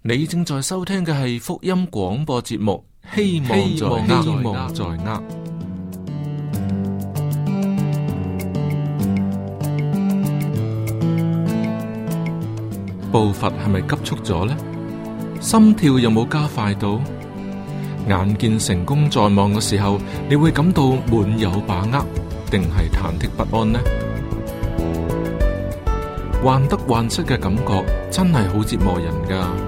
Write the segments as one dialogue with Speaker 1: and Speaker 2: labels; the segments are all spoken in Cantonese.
Speaker 1: 你正在收聽嘅係福音廣播節目，希望希望在握。步伐係咪急促咗呢？心跳有冇加快到？眼見成功在望嘅時候，你會感到滿有把握，定係忐忑不安呢？患得患失嘅感覺真係好折磨人噶。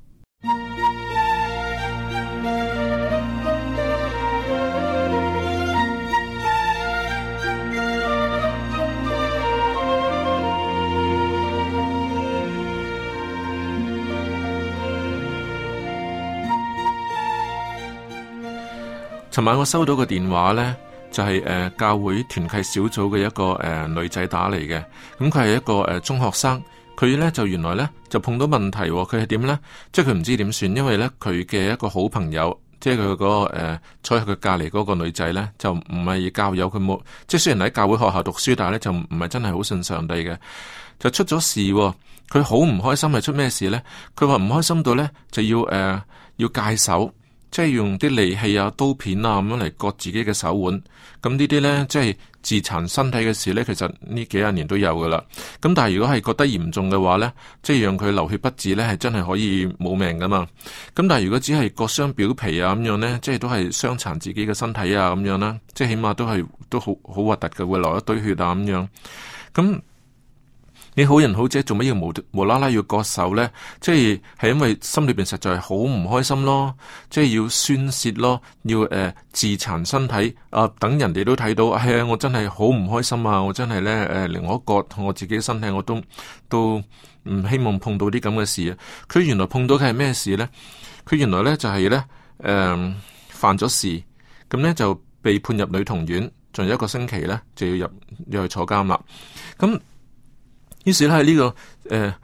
Speaker 1: 尋晚我收到個電話咧，就係、是、誒、呃、教會團契小組嘅一個誒、呃、女仔打嚟嘅。咁佢係一個誒、呃、中學生，佢咧就原來咧就碰到問題，佢係點咧？即係佢唔知點算，因為咧佢嘅一個好朋友，即係佢、個誒、呃、坐喺佢隔籬嗰個女仔咧，就唔係教友，佢冇即係雖然喺教會學校讀書，但係咧就唔唔係真係好信上帝嘅，就出咗事、啊。佢好唔開心，係出咩事咧？佢話唔開心到咧就要誒、呃、要 𠝹 手。即係用啲利器啊、刀片啊咁樣嚟割自己嘅手腕，咁呢啲呢，即係自殘身體嘅事呢，其實呢幾廿年都有噶啦。咁但係如果係覺得嚴重嘅話呢，即係讓佢流血不止呢，係真係可以冇命噶嘛。咁但係如果只係割傷表皮啊咁樣呢，即係都係傷殘自己嘅身體啊咁樣啦。即係起碼都係都好好核突嘅，會流一堆血啊咁樣。咁你好人好姐做乜要無無啦啦要割手呢？即係係因為心裏邊實在好唔開心咯，即係要宣洩咯，要誒、呃、自殘身體啊、呃！等人哋都睇到，係、哎、啊，我真係好唔開心啊！我真係咧誒，令、呃、一割同我自己身體我都都唔希望碰到啲咁嘅事啊！佢原來碰到嘅係咩事呢？佢原來咧就係咧誒犯咗事，咁咧就被判入女童院，仲有一個星期咧就要入要去坐監啦，咁。於是咧喺呢個誒、呃、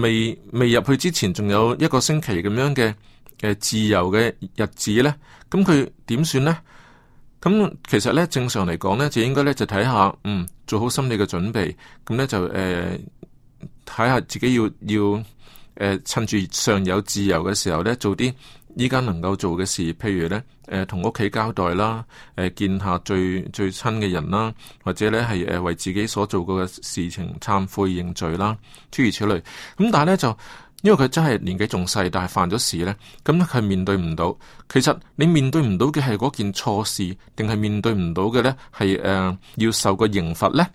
Speaker 1: 未未入去之前，仲有一個星期咁樣嘅誒、呃、自由嘅日子咧。咁佢點算呢？咁其實咧正常嚟講咧，就應該咧就睇下，嗯，做好心理嘅準備。咁咧就誒睇下自己要要誒、呃、趁住尚有自由嘅時候咧，做啲，依家能夠做嘅事，譬如咧，誒同屋企交代啦，誒、呃、見下最最親嘅人啦，或者咧係誒為自己所做過嘅事情，懺悔認罪啦，諸如此類。咁但係咧就，因為佢真係年紀仲細，但係犯咗事咧，咁佢面對唔到。其實你面對唔到嘅係嗰件錯事，定係面對唔到嘅咧係誒要受個刑罰咧？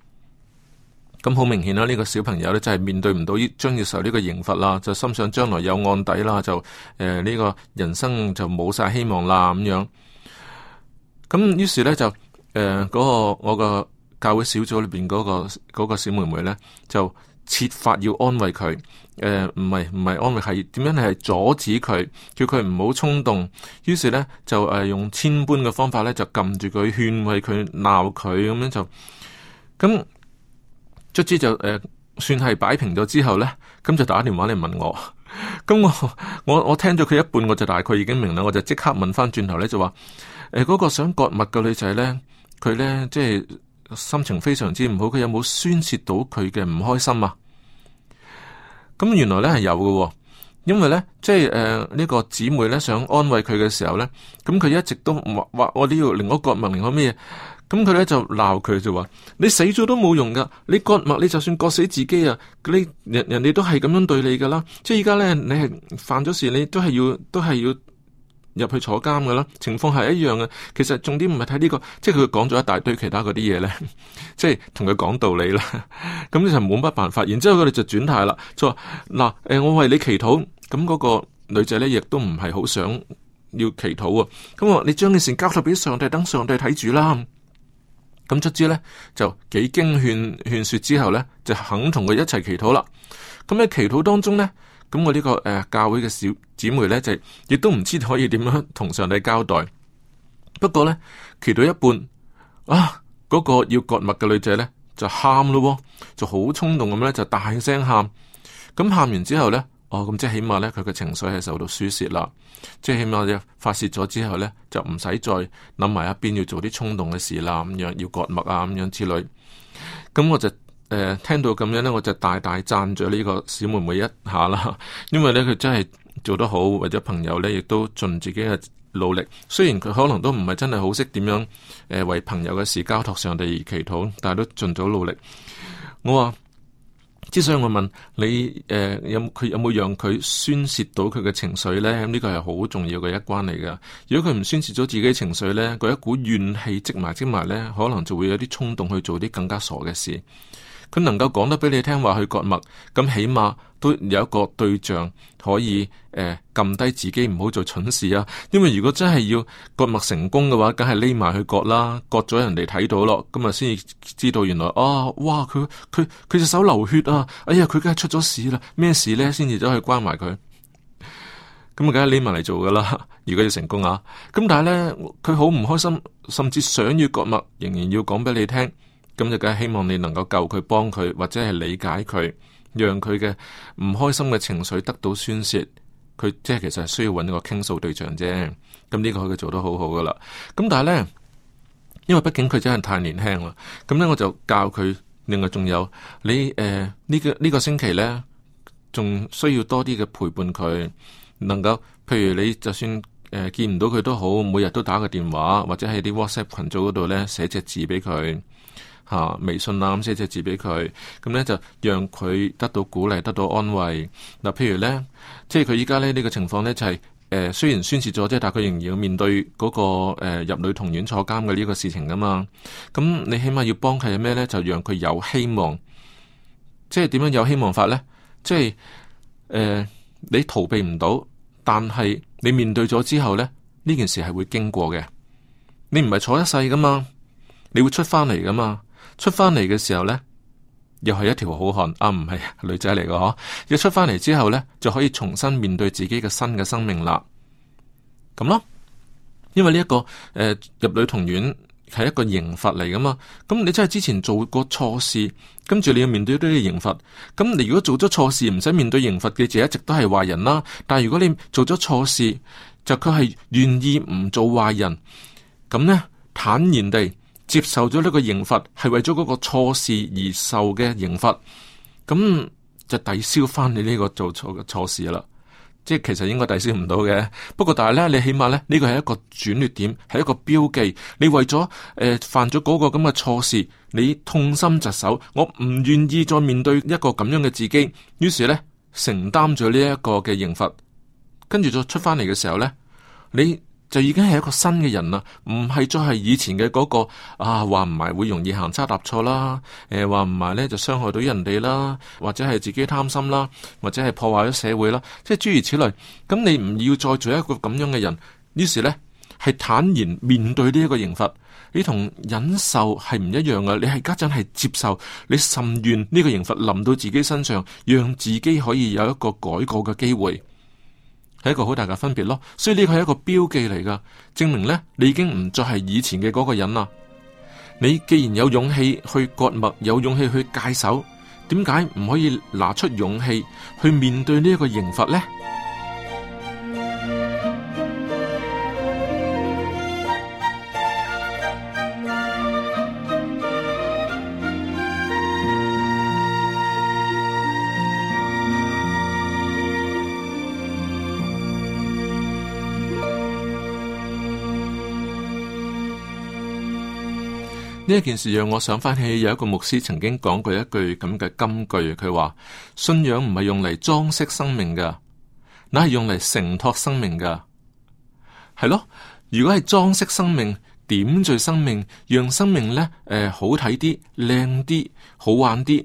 Speaker 1: 咁好明顯啦，呢、這個小朋友咧就係、是、面對唔到將要受呢個刑罰啦，就心想將來有案底啦，就誒呢、呃這個人生就冇晒希望啦咁樣。咁於是咧就誒嗰、呃那個我個教會小組裏邊嗰個小妹妹咧，就設法要安慰佢。誒唔係唔係安慰，係點樣係阻止佢，叫佢唔好衝動。於是咧就誒、呃、用千般嘅方法咧就撳住佢，勸慰佢，鬧佢咁樣就咁。卒之就誒，算係擺平咗之後咧，咁就打電話嚟問我，咁我我我聽咗佢一半，我就大概已經明啦，我就即刻問翻轉頭咧就話，誒嗰個想割脈嘅女仔咧，佢咧即係心情非常之唔好，佢有冇宣泄到佢嘅唔開心啊？咁原來咧係有嘅喎，因為咧即係誒呢個姊妹咧想安慰佢嘅時候咧，咁佢一直都話話，我都要另我割脈，另我咩？咁佢咧就鬧佢就話：你死咗都冇用噶，你割脈，你就算割死自己啊，你人人哋都係咁樣對你噶啦。即係而家咧，你係犯咗事，你都係要都係要入去坐監噶啦。情況係一樣嘅。其實重點唔係睇呢個，即係佢講咗一大堆其他嗰啲嘢咧， 即係同佢講道理啦。咁你 就冇乜辦法。然之後佢哋就轉態啦，就話嗱，誒，我為你祈禱。咁嗰個女仔咧，亦都唔係好想要祈禱啊。咁我你將件事交託俾上帝，等上帝睇住啦。咁卒之咧就幾經勸勸說之後咧就肯同佢一齊祈禱啦。咁喺祈禱當中咧，咁我呢、這個誒、呃、教會嘅小姊妹咧就亦都唔知可以點樣同上帝交代。不過咧祈到一半啊，嗰、那個要割脈嘅女仔咧就喊咯，就好衝動咁咧就大聲喊。咁喊完之後咧。哦，咁即係起碼咧，佢嘅情緒係受到舒泄啦，即係起碼嘅發洩咗之後咧，就唔使再諗埋一邊要做啲衝動嘅事啦，咁樣要割脈啊，咁樣之類。咁、嗯、我就誒、呃、聽到咁樣咧，我就大大讚咗呢個小妹妹一下啦，因為咧佢真係做得好，或者朋友咧亦都盡自己嘅努力。雖然佢可能都唔係真係好識點樣誒、呃、為朋友嘅事交託上帝而祈禱，但係都盡咗努力。我話。之所以我問你，誒、呃、有佢有冇讓佢宣泄到佢嘅情緒呢？咁呢個係好重要嘅一關嚟㗎。如果佢唔宣泄咗自己嘅情緒呢，佢一股怨氣積埋積埋呢，可能就會有啲衝動去做啲更加傻嘅事。佢能夠講得俾你聽話去割脈，咁起碼都有一個對象可以誒撳低自己唔好做蠢事啊！因為如果真係要割脈成功嘅話，梗係匿埋去割啦，割咗人哋睇到咯，咁啊先至知道原來啊，哇！佢佢佢隻手流血啊！哎呀，佢梗係出咗事啦！咩事咧？先至走去關埋佢，咁啊梗係匿埋嚟做㗎啦！如果要成功啊，咁但係咧佢好唔開心，甚至想要割脈，仍然要講俾你聽。咁就梗係希望你能夠救佢、幫佢，或者係理解佢，讓佢嘅唔開心嘅情緒得到宣洩。佢即係其實係需要揾個傾訴對象啫。咁呢個佢做得好好噶啦。咁但係呢，因為畢竟佢真係太年輕啦。咁呢，我就教佢。另外仲有你誒呢、呃這個呢、這個星期呢，仲需要多啲嘅陪伴佢，能夠譬如你就算誒、呃、見唔到佢都好，每日都打個電話，或者喺啲 WhatsApp 群組嗰度呢寫隻字俾佢。嚇、啊、微信啊，咁寫隻字俾佢咁咧，就讓佢得到鼓勵，得到安慰嗱、啊。譬如咧，即係佢依家咧呢、這個情況咧，就係、是、誒、呃、雖然宣泄咗即係，但係佢仍然要面對嗰、那個、呃、入女童院坐監嘅呢個事情噶嘛。咁、嗯、你起碼要幫佢係咩咧？就讓佢有希望，即係點樣有希望法咧？即係誒、呃、你逃避唔到，但係你面對咗之後咧，呢件事係會經過嘅。你唔係坐一世噶嘛，你會出翻嚟噶嘛。出翻嚟嘅時候呢，又係一條好漢啊！唔係女仔嚟嘅嗬。要、啊、出翻嚟之後呢，就可以重新面對自己嘅新嘅生命啦。咁咯，因為呢、這、一個誒、呃、入女童院係一個刑罰嚟噶嘛。咁你真係之前做過錯事，跟住你要面對呢啲刑罰。咁你如果做咗錯事唔使面對刑罰嘅，就一直都係壞人啦。但係如果你做咗錯事，就佢係願意唔做壞人。咁呢，坦然地。接受咗呢個刑罰，係為咗嗰個錯事而受嘅刑罰，咁就抵消翻你呢個做錯嘅錯事啦。即係其實應該抵消唔到嘅，不過但係咧，你起碼咧呢、呢個係一個轉捩點，係一個標記。你為咗誒、呃、犯咗嗰個咁嘅錯事，你痛心疾首，我唔願意再面對一個咁樣嘅自己。於是呢，承擔咗呢一個嘅刑罰，跟住就出翻嚟嘅時候呢，你。就已經係一個新嘅人啦，唔係再係以前嘅嗰個啊，話唔埋會容易行差踏錯啦，誒、話唔埋咧就傷害到人哋啦，或者係自己貪心啦，或者係破壞咗社會啦，即係諸如此類。咁你唔要再做一個咁樣嘅人，於是呢係坦然面對呢一個刑罰，你同忍受係唔一樣嘅，你係家陣係接受，你甚願呢個刑罰臨到自己身上，讓自己可以有一個改過嘅機會。係一個好大嘅分別咯，所以呢個係一個標記嚟㗎，證明呢，你已經唔再係以前嘅嗰個人啦。你既然有勇氣去割脈，有勇氣去戒手，點解唔可以拿出勇氣去面對呢一個刑罰呢？呢一件事讓我想翻起有一個牧師曾經講過一句咁嘅金句，佢話信仰唔係用嚟裝飾生命噶，那係用嚟承托生命噶，係咯，如果係裝飾生命、點綴生命、讓生命咧誒、呃、好睇啲、靚啲、好玩啲，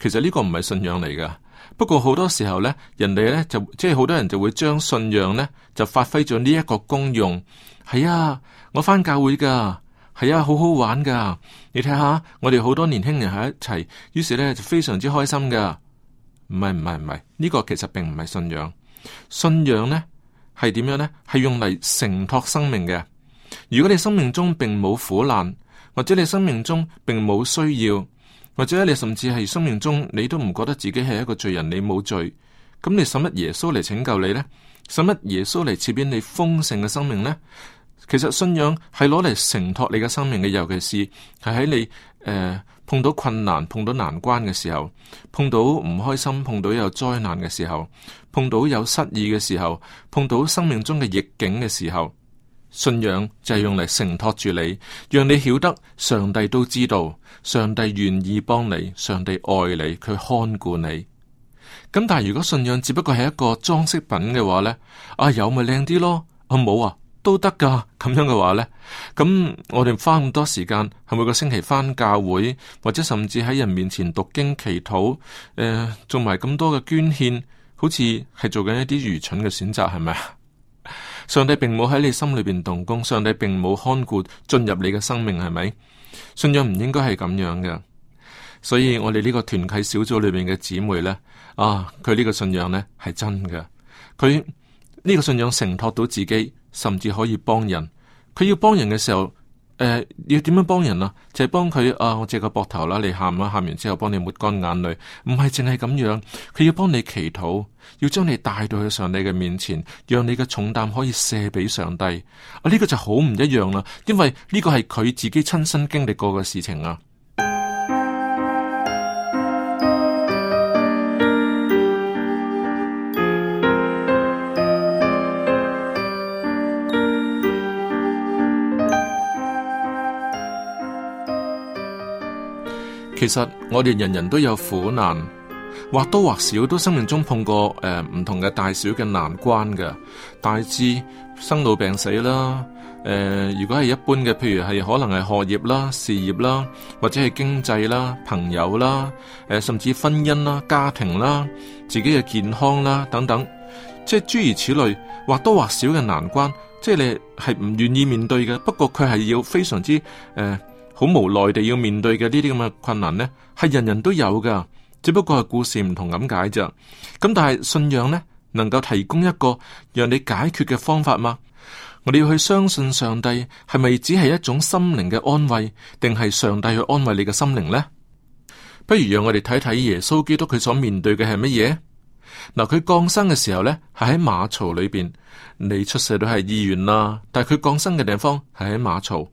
Speaker 1: 其實呢個唔係信仰嚟噶。不過好多時候咧，人哋咧就即係好多人就會將信仰咧就發揮咗呢一個功用。係啊，我返教會噶。係啊，好好玩噶！你睇下，我哋好多年輕人喺一齊，於是咧就非常之開心噶。唔係唔係唔係，呢個其實並唔係信仰。信仰呢，係點樣呢？係用嚟承托生命嘅。如果你生命中並冇苦難，或者你生命中並冇需要，或者你甚至係生命中你都唔覺得自己係一個罪人，你冇罪，咁你使乜耶穌嚟拯救你呢？使乜耶穌嚟賜俾你豐盛嘅生命呢？其實信仰係攞嚟承托你嘅生命嘅，尤其是係喺你誒、呃、碰到困難、碰到難關嘅時候，碰到唔開心、碰到有災難嘅時候，碰到有失意嘅時候，碰到生命中嘅逆境嘅時候，信仰就係用嚟承托住你，讓你曉得上帝都知道，上帝願意幫你，上帝愛你，佢看顧你。咁但係如果信仰只不過係一個裝飾品嘅話咧，啊有咪靚啲咯，啊冇啊。都得噶。咁樣嘅話呢，咁我哋花咁多時間，係每個星期翻教會，或者甚至喺人面前讀經祈禱，誒、呃，做埋咁多嘅捐獻，好似係做緊一啲愚蠢嘅選擇，係咪啊？上帝並冇喺你心裏邊動工，上帝並冇看顧進入你嘅生命，係咪？信仰唔應該係咁樣嘅，所以我哋呢個團契小組裏邊嘅姊妹呢，啊，佢呢個信仰呢係真嘅，佢呢個信仰承托到自己。甚至可以幫人，佢要幫人嘅時候，誒、呃，要點樣幫人啊？就係幫佢啊，我借個膊頭啦，你喊啦，喊完之後幫你抹乾眼淚，唔係淨係咁樣，佢要幫你祈禱，要將你帶到去上帝嘅面前，讓你嘅重擔可以卸俾上帝。啊，呢、這個就好唔一樣啦，因為呢個係佢自己親身經歷過嘅事情啊。其實我哋人人都有苦難，或多或少都生命中碰過誒、呃、唔同嘅大小嘅難關嘅，大致生老病死啦，誒、呃、如果係一般嘅，譬如係可能係學業啦、事業啦，或者係經濟啦、朋友啦，誒、呃、甚至婚姻啦、家庭啦、自己嘅健康啦等等，即係諸如此類，或多或少嘅難關，即係你係唔願意面對嘅，不過佢係要非常之誒。呃好無奈地要面對嘅呢啲咁嘅困難呢，係人人都有噶，只不過係故事唔同咁解咋。咁但係信仰呢，能夠提供一個讓你解決嘅方法嗎？我哋要去相信上帝係咪只係一種心靈嘅安慰，定係上帝去安慰你嘅心靈呢？不如讓我哋睇睇耶穌基督佢所面對嘅係乜嘢。嗱，佢降生嘅時候呢，係喺馬槽裏邊。你出世都係醫院啦，但係佢降生嘅地方係喺馬槽。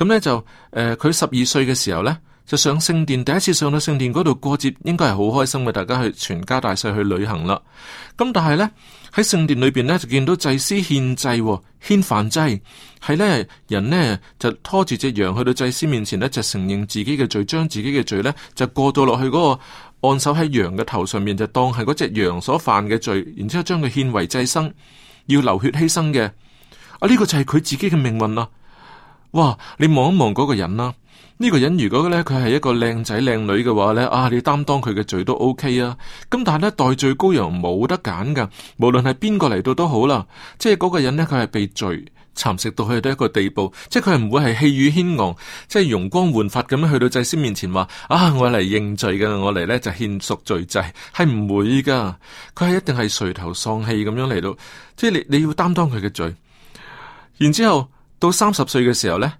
Speaker 1: 咁呢，就誒，佢十二歲嘅時候呢，就上聖殿，第一次上到聖殿嗰度過節，應該係好開心嘅，大家去全家大細去旅行啦。咁但係呢，喺聖殿裏邊呢，就見到祭司獻祭、哦、獻犯祭，係呢，人呢，就拖住隻羊去到祭司面前呢，就承認自己嘅罪，將自己嘅罪呢，就過到落去嗰個按手喺羊嘅頭上面，就當係嗰隻羊所犯嘅罪，然之後將佢獻為祭牲，要流血犧牲嘅。啊，呢個就係佢自己嘅命運啦。哇！你望一望嗰個人啦，呢個人如果咧佢係一個靚仔靚女嘅話咧，啊你擔當佢嘅罪都 OK 啊。咁但係咧，代罪羔羊冇得揀噶，無論係邊個嚟到都好啦。即係嗰個人咧，佢係被罪蠶食到去到一個地步，即係佢係唔會係氣宇軒昂，即係容光煥發咁樣去到祭司面前話：啊我嚟認罪嘅，我嚟咧就獻贖罪祭，係唔會噶。佢係一定係垂頭喪氣咁樣嚟到。即係你你要擔當佢嘅罪，然之後。到三十歲嘅時候咧，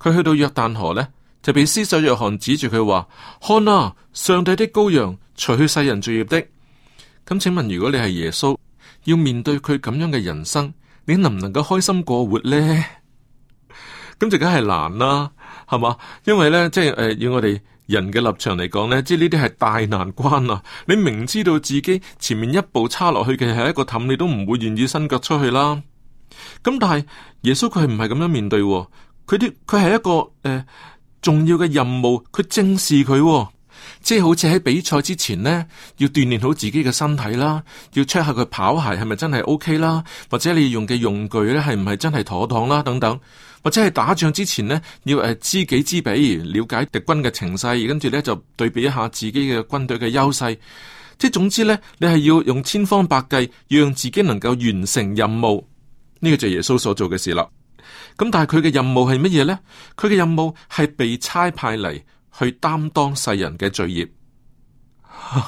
Speaker 1: 佢去到約旦河咧，就被施洗約翰指住佢話：看啊，上帝的羔羊，除去世人罪孽的。咁請問，如果你係耶穌，要面對佢咁樣嘅人生，你能唔能夠開心過活咧？咁就梗係難啦，係嘛？因為咧，即係誒、呃，以我哋人嘅立場嚟講咧，即係呢啲係大難關啊！你明知道自己前面一步差落去嘅係一個氹，你都唔會願意伸腳出去啦。咁但係耶穌佢係唔係咁樣面對佢啲佢係一個誒、呃、重要嘅任務。佢正視佢、哦，即係好似喺比賽之前呢，要鍛煉好自己嘅身體啦，要 check 下佢跑鞋係咪真係 OK 啦，或者你用嘅用具呢係唔係真係妥當啦，等等，或者係打仗之前呢，要誒、呃、知己知彼，了解敵軍嘅情勢，跟住呢就對比一下自己嘅軍隊嘅優勢。即係總之呢，你係要用千方百計，讓自己能夠完成任務。呢個就係耶穌所做嘅事啦，咁但係佢嘅任務係乜嘢呢？佢嘅任務係被差派嚟去擔當世人嘅罪業，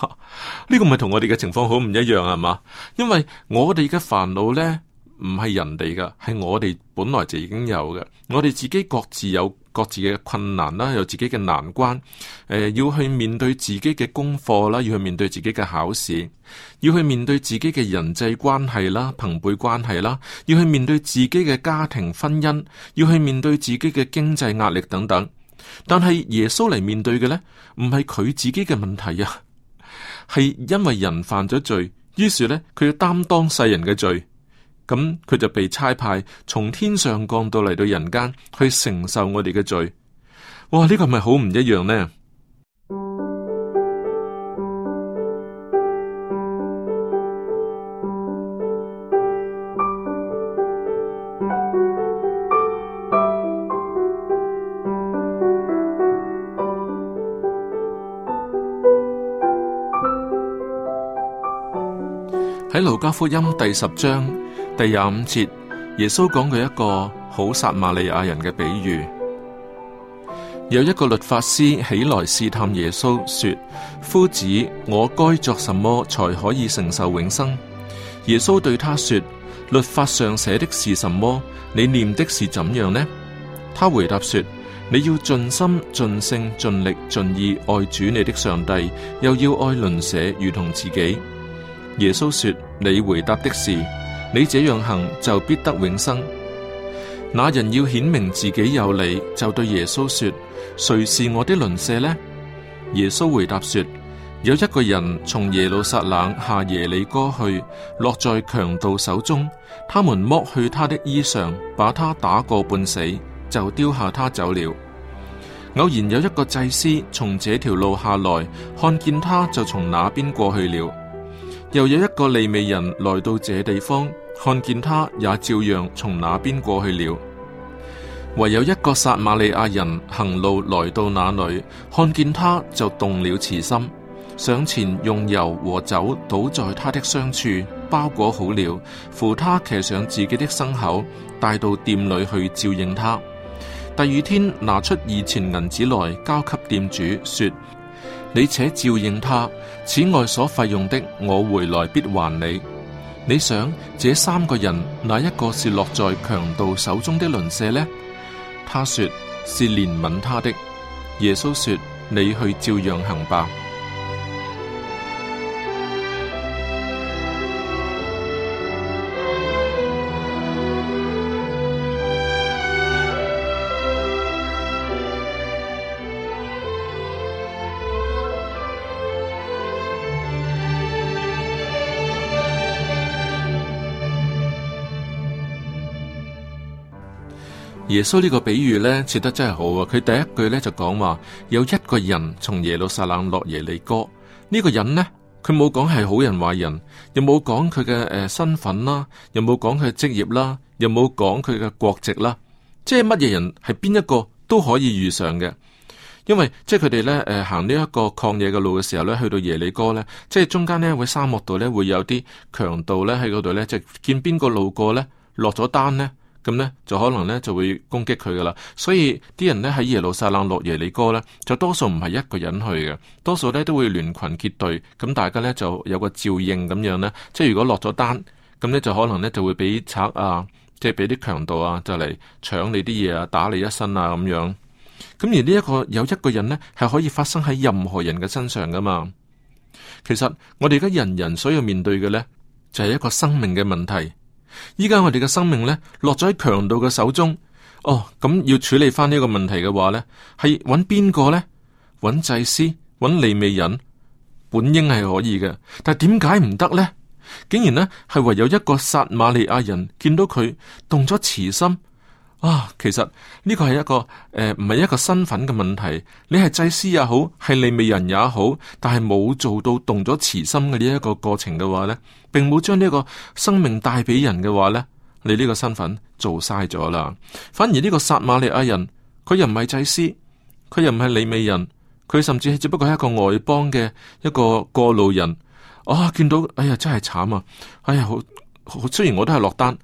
Speaker 1: 呢 個咪同我哋嘅情況好唔一樣係嘛？因為我哋嘅煩惱呢，唔係人哋㗎，係我哋本來就已經有嘅，我哋自己各自有。各自嘅困難啦，有自己嘅難關，誒、呃，要去面對自己嘅功課啦，要去面對自己嘅考試，要去面對自己嘅人際關係啦、朋輩關係啦，要去面對自己嘅家庭婚姻，要去面對自己嘅經濟壓力等等。但係耶穌嚟面對嘅呢，唔係佢自己嘅問題呀、啊，係因為人犯咗罪，於是呢，佢要擔當世人嘅罪。咁佢就被差派從天上降到嚟到人間，去承受我哋嘅罪。哇！呢、這個係咪好唔一樣呢？喺路 加福音第十章。第廿五節，耶穌講過一個好撒瑪利亞人嘅比喻。有一個律法師起來試探耶穌，說：夫子，我該作什麼才可以承受永生？耶穌對他說：律法上寫的是什麼？你念的是怎樣呢？他回答說：你要盡心、盡性、盡力、盡意愛主你的上帝，又要愛鄰舍如同自己。耶穌說：你回答的是。你這樣行就必得永生。那人要顯明自己有理，就對耶穌說：誰是我的鄰舍呢？耶穌回答說：有一個人從耶路撒冷下耶利哥去，落在強盜手中，他們剝去他的衣裳，把他打個半死，就丟下他走了。偶然有一個祭司從這條路下來，看見他就從那邊過去了。又有一個利未人來到這地方，看見他也照樣從那邊過去了。唯有一個撒瑪利亞人行路來到那裏，看見他就動了慈心，上前用油和酒倒在他的傷處，包裹好了，扶他騎上自己的牲口，帶到店裏去照應他。第二天拿出二錢銀子來交給店主，說。你且照應他，此外所費用的，我回來必還你。你想這三個人哪一個是落在強盜手中的鄰舍呢？他說是憐憫他的。耶穌說：你去照樣行吧。耶穌呢個比喻呢，設得真係好啊！佢第一句呢，就講話，有一個人從耶路撒冷落耶利哥，呢、呢個人呢，佢冇講係好人壞人，又冇講佢嘅誒身份啦，又冇講佢嘅職業啦，又冇講佢嘅國籍啦，即係乜嘢人係邊一個都可以遇上嘅，因為即係佢哋呢，誒行呢一個曠野嘅路嘅時候呢，去到耶利哥呢，即係中間呢會沙漠度呢，會有啲強盜呢喺嗰度呢，即就係、見邊個路過呢，落咗單呢。咁呢，就可能呢就會攻擊佢噶啦，所以啲人呢，喺耶路撒冷落耶利哥呢，就多數唔係一個人去嘅，多數呢都會聯群結隊，咁大家呢，就有個照應咁樣呢。即係如果落咗單，咁呢，就可能呢就會俾賊啊，即係俾啲強盜啊就嚟搶你啲嘢啊，打你一身啊咁樣。咁而呢、這、一個有一個人呢，係可以發生喺任何人嘅身上噶嘛。其實我哋而家人人所要面對嘅呢，就係、是、一個生命嘅問題。依家我哋嘅生命咧落咗喺強盜嘅手中，哦，咁要處理翻呢一個問題嘅話咧，係揾邊個咧？揾祭司，揾利未人，本應係可以嘅，但係點解唔得咧？竟然呢，係唯有一個撒瑪利亞人見到佢動咗慈心。啊，其實呢個係一個誒，唔係一個身份嘅問題。你係祭司也好，係利未人也好，但係冇做到動咗慈心嘅呢一個過程嘅話呢，並冇將呢個生命帶俾人嘅話呢，你呢個身份做晒咗啦。反而呢個撒瑪利亞人，佢又唔係祭司，佢又唔係利未人，佢甚至係只不過係一個外邦嘅一個過路人。啊，見到，哎呀，真係慘啊！哎呀，好，雖然我都係落單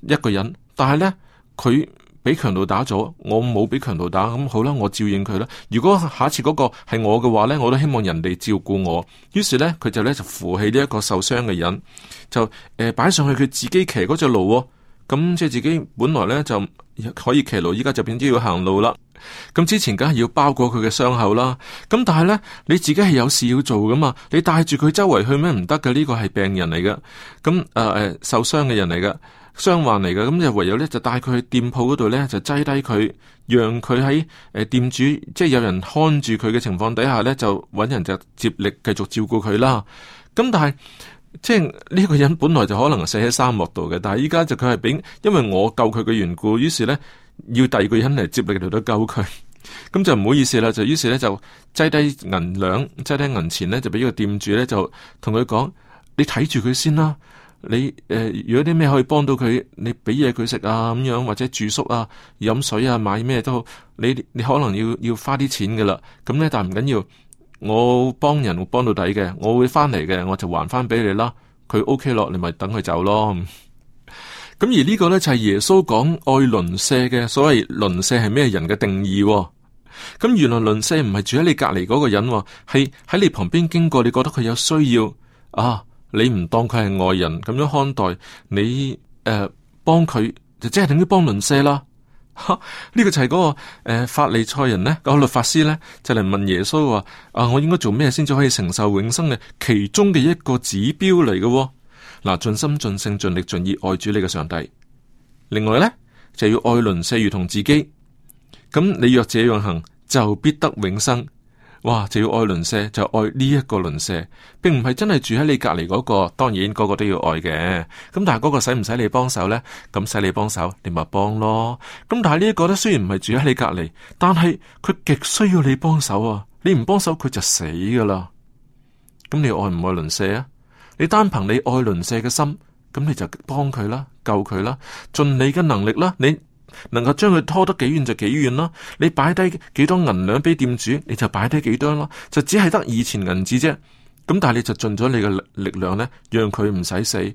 Speaker 1: 一個人，但係呢，佢。俾強盜打咗，我冇俾強盜打，咁好啦，我照應佢啦。如果下次嗰個係我嘅話呢，我都希望人哋照顧我。於是呢，佢就呢就扶起呢一個受傷嘅人，就誒擺、呃、上去佢自己騎嗰隻路喎。咁、嗯、即係自己本來呢就可以騎路，依家就變咗要行路啦。咁、嗯、之前梗係要包過佢嘅傷口啦。咁、嗯、但係呢，你自己係有事要做噶嘛？你帶住佢周圍去咩唔得嘅？呢個係病人嚟嘅，咁誒誒，受傷嘅人嚟嘅。傷患嚟嘅，咁就唯有咧，就帶佢去店鋪嗰度咧，就擠低佢，讓佢喺誒店主，即係有人看住佢嘅情況底下咧，就揾人就接力繼續照顧佢啦。咁但係即係呢個人本來就可能死喺沙漠度嘅，但係依家就佢係俾因為我救佢嘅緣故，於是咧，要第二個人嚟接力度度救佢，咁 就唔好意思啦，就於是咧，就擠低銀兩，擠低銀錢咧，就俾個店主咧，就同佢講，你睇住佢先啦。你誒、呃，如果啲咩可以幫到佢，你俾嘢佢食啊咁樣，或者住宿啊、飲水啊、買咩都好，你你可能要要花啲錢噶啦。咁咧，但唔緊要，我幫人會幫到底嘅，我會翻嚟嘅，我就還翻俾你啦。佢 OK 咯，你咪等佢走咯。咁 而個呢個咧就係、是、耶穌講愛鄰舍嘅所謂鄰舍係咩人嘅定義、啊。咁原來鄰舍唔係住喺你隔籬嗰個人、啊，係喺你旁邊經過，你覺得佢有需要啊？你唔當佢係外人咁樣看待，你誒幫佢就即係等於幫鄰舍啦。哈！呢、這個就係嗰、那個誒、呃、法利賽人咧，那個律法師咧就嚟問耶穌話：啊，我應該做咩先至可以承受永生嘅？其中嘅一個指標嚟嘅。嗱、啊，盡心盡性盡力盡意愛主你嘅上帝。另外咧就要愛鄰舍如同自己。咁你若這樣行，就必得永生。哇！就要愛鄰舍，就愛呢一個鄰舍，並唔係真係住喺你隔籬嗰個。當然，個個都要愛嘅。咁但係嗰個使唔使你幫手呢？咁使你幫手，你咪幫咯。咁但係呢一個咧，雖然唔係住喺你隔籬，但係佢極需要你幫手啊！你唔幫手，佢就死噶啦。咁你愛唔愛鄰舍啊？你單憑你愛鄰舍嘅心，咁你就幫佢啦，救佢啦，盡你嘅能力啦，你。能夠將佢拖得幾遠就幾遠咯，你擺低幾多銀兩俾店主，你就擺低幾多咯、啊，就只係得以前銀紙啫。咁但係你就盡咗你嘅力量咧，讓佢唔使死。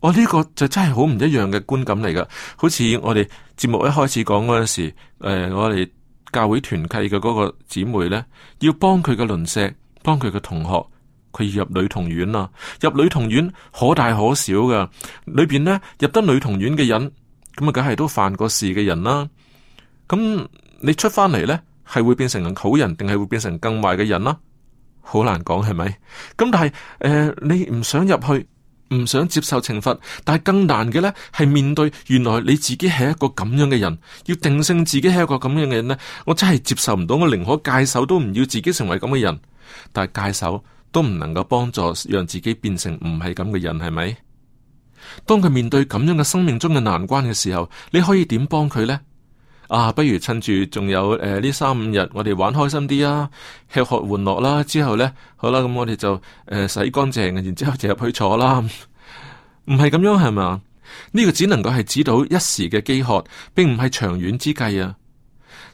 Speaker 1: 我、哦、呢、這個就真係好唔一樣嘅觀感嚟噶，好似我哋節目一開始講嗰陣時，誒、呃，我哋教會團契嘅嗰個姊妹咧，要幫佢嘅鄰舍，幫佢嘅同學，佢要入女童院啦，入女童院可大可小噶，裏邊咧入得女童院嘅人。咁啊，梗係都犯過事嘅人啦。咁你出翻嚟呢，係會變成好人，定係會變成更壞嘅人啦？好難講，係咪？咁但係，誒、呃，你唔想入去，唔想接受懲罰，但係更難嘅呢，係面對原來你自己係一個咁樣嘅人，要定性自己係一個咁樣嘅人呢，我真係接受唔到，我寧可戒手都唔要自己成為咁嘅人，但係戒手都唔能夠幫助讓自己變成唔係咁嘅人，係咪？當佢面對咁樣嘅生命中嘅難關嘅時候，你可以點幫佢呢？啊，不如趁住仲有誒呢、呃、三五日，我哋玩開心啲啊，吃喝玩樂啦，之後呢，好啦，咁、嗯、我哋就誒、呃、洗乾淨，然之後就入去坐啦。唔係咁樣係咪？呢個只能夠係止到一時嘅飢渴，並唔係長遠之計啊。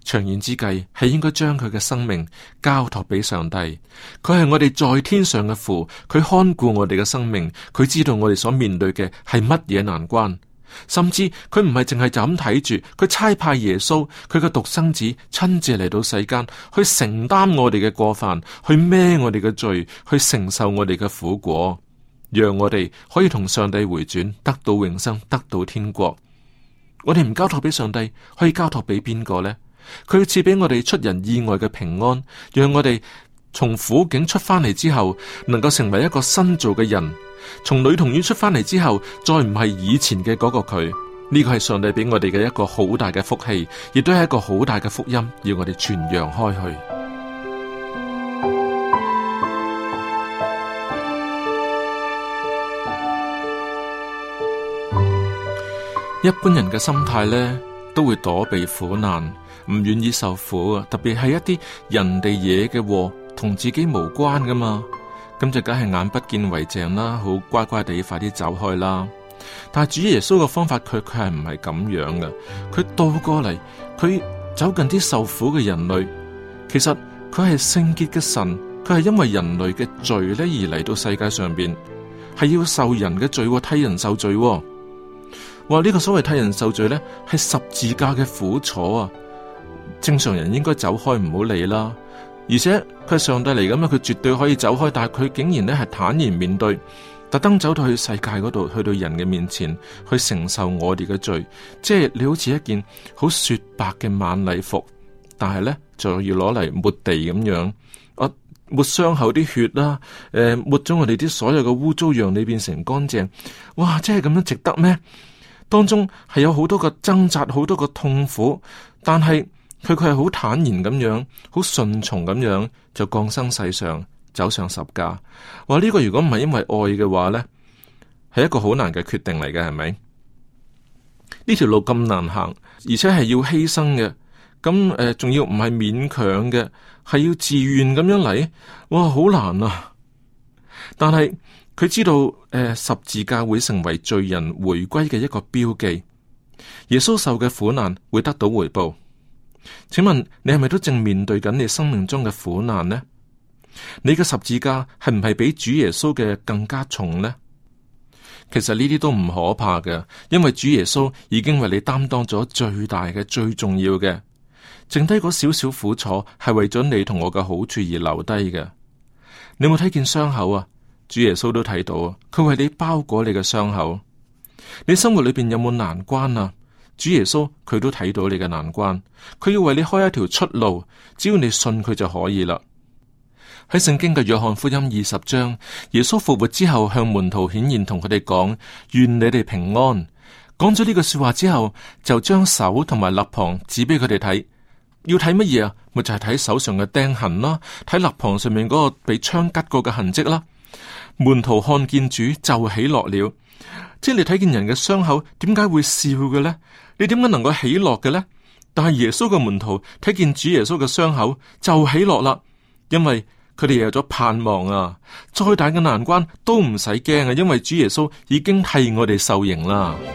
Speaker 1: 長遠之計係應該將佢嘅生命交託俾上帝。佢係我哋在天上嘅父，佢看顧我哋嘅生命，佢知道我哋所面對嘅係乜嘢難關。甚至佢唔係淨係就咁睇住，佢差派耶穌，佢嘅獨生子親自嚟到世間，去承擔我哋嘅過犯，去孭我哋嘅罪，去承受我哋嘅苦果，讓我哋可以同上帝迴轉，得到永生，得到天國。我哋唔交託俾上帝，可以交託俾邊個呢？佢賜俾我哋出人意外嘅平安，讓我哋從苦境出翻嚟之後，能夠成為一個新造嘅人；從女童院出翻嚟之後，再唔係以前嘅嗰個佢。呢個係上帝俾我哋嘅一個好大嘅福氣，亦都係一個好大嘅福音，要我哋傳揚開去。 一般人嘅心態呢，都會躲避苦難。唔願意受苦啊，特別係一啲人哋惹嘅禍同自己無關噶嘛，咁就梗係眼不見為淨啦，好乖乖地快啲走開啦。但係主耶穌嘅方法，佢佢係唔係咁樣噶？佢倒過嚟，佢走近啲受苦嘅人類。其實佢係聖潔嘅神，佢係因為人類嘅罪咧而嚟到世界上邊，係要受人嘅罪，替人受罪。話呢個所謂替人受罪咧，係十字架嘅苦楚啊。正常人應該走開，唔好理啦。而且佢上帝嚟咁啊，佢絕對可以走開。但係佢竟然咧係坦然面對，特登走到去世界嗰度，去到人嘅面前去承受我哋嘅罪，即係你好似一件好雪白嘅晚禮服，但係咧就要攞嚟抹地咁樣，啊抹傷口啲血啦，誒，抹咗、啊啊、我哋啲所有嘅污糟，讓你變成乾淨。哇，即係咁樣值得咩？當中係有好多個掙扎，好多個痛苦，但係。佢佢係好坦然咁樣，好順從咁樣就降生世上，走上十架。哇！呢個如果唔係因為愛嘅話呢，係一個好難嘅決定嚟嘅，係咪？呢條路咁難行，而且係要犧牲嘅。咁誒，仲要唔係勉強嘅，係要自願咁樣嚟。哇，好難啊！但係佢知道，誒、呃、十字架會成為罪人回歸嘅一個標記。耶穌受嘅苦難會得到回報。請問你係咪都正面對緊你生命中嘅苦難呢？你嘅十字架係唔係比主耶穌嘅更加重呢？其實呢啲都唔可怕嘅，因為主耶穌已經為你擔當咗最大嘅、最重要嘅，剩低嗰少少苦楚係為咗你同我嘅好處而留低嘅。你有冇睇見傷口啊？主耶穌都睇到啊，佢為你包裹你嘅傷口。你生活裏邊有冇難關啊？主耶穌佢都睇到你嘅難關，佢要為你開一條出路，只要你信佢就可以啦。喺聖經嘅約翰福音二十章，耶穌復活之後向門徒顯現，同佢哋講：願你哋平安。講咗呢句說話之後，就將手同埋肋旁指俾佢哋睇，要睇乜嘢啊？咪就係、是、睇手上嘅釘痕啦，睇肋旁上面嗰個被槍拮過嘅痕跡啦。門徒看見主就喜樂了。即係你睇見人嘅傷口，點解會笑嘅咧？你點解能夠喜樂嘅咧？但係耶穌嘅門徒睇見主耶穌嘅傷口就喜樂啦，因為佢哋有咗盼望啊！再大嘅難關都唔使驚啊，因為主耶穌已經替我哋受刑啦。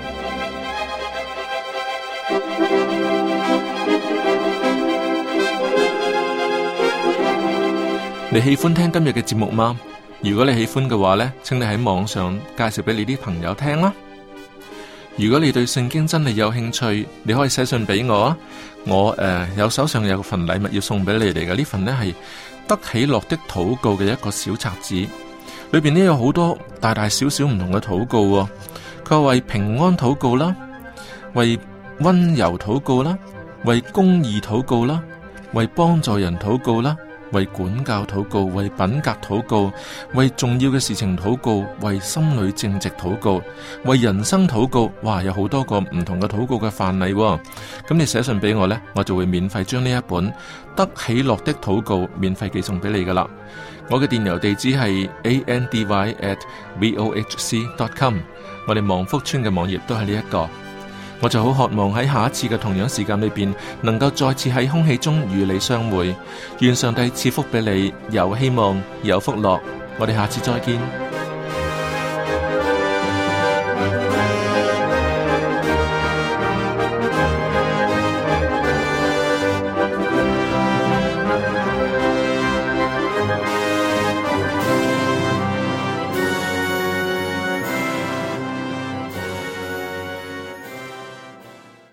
Speaker 1: 你喜歡聽今日嘅節目嗎？如果你喜歡嘅話咧，請你喺網上介紹俾你啲朋友聽啦。如果你對聖經真係有興趣，你可以寫信俾我啊。我誒有手上有一份禮物要送俾你哋嘅，呢份咧係得喜樂的禱告嘅一個小冊子，裏邊咧有好多大大小小唔同嘅禱告，佢為平安禱告啦，為溫柔禱告啦，為公義禱告啦，為幫助人禱告啦。為管教禱告，為品格禱告，為重要嘅事情禱告，為心裏正直禱告，為人生禱告。哇，有好多個唔同嘅禱告嘅範例，哦。咁你寫信俾我呢，我就會免費將呢一本《得喜樂的禱告》免費寄送俾你噶啦。我嘅電郵地址係 andy at vohc dot com。我哋望福村嘅網頁都係呢一個。我就好渴望喺下一次嘅同樣時間裏邊，能夠再次喺空氣中與你相會。願上帝賜福俾你，有希望，有福樂。我哋下次再見。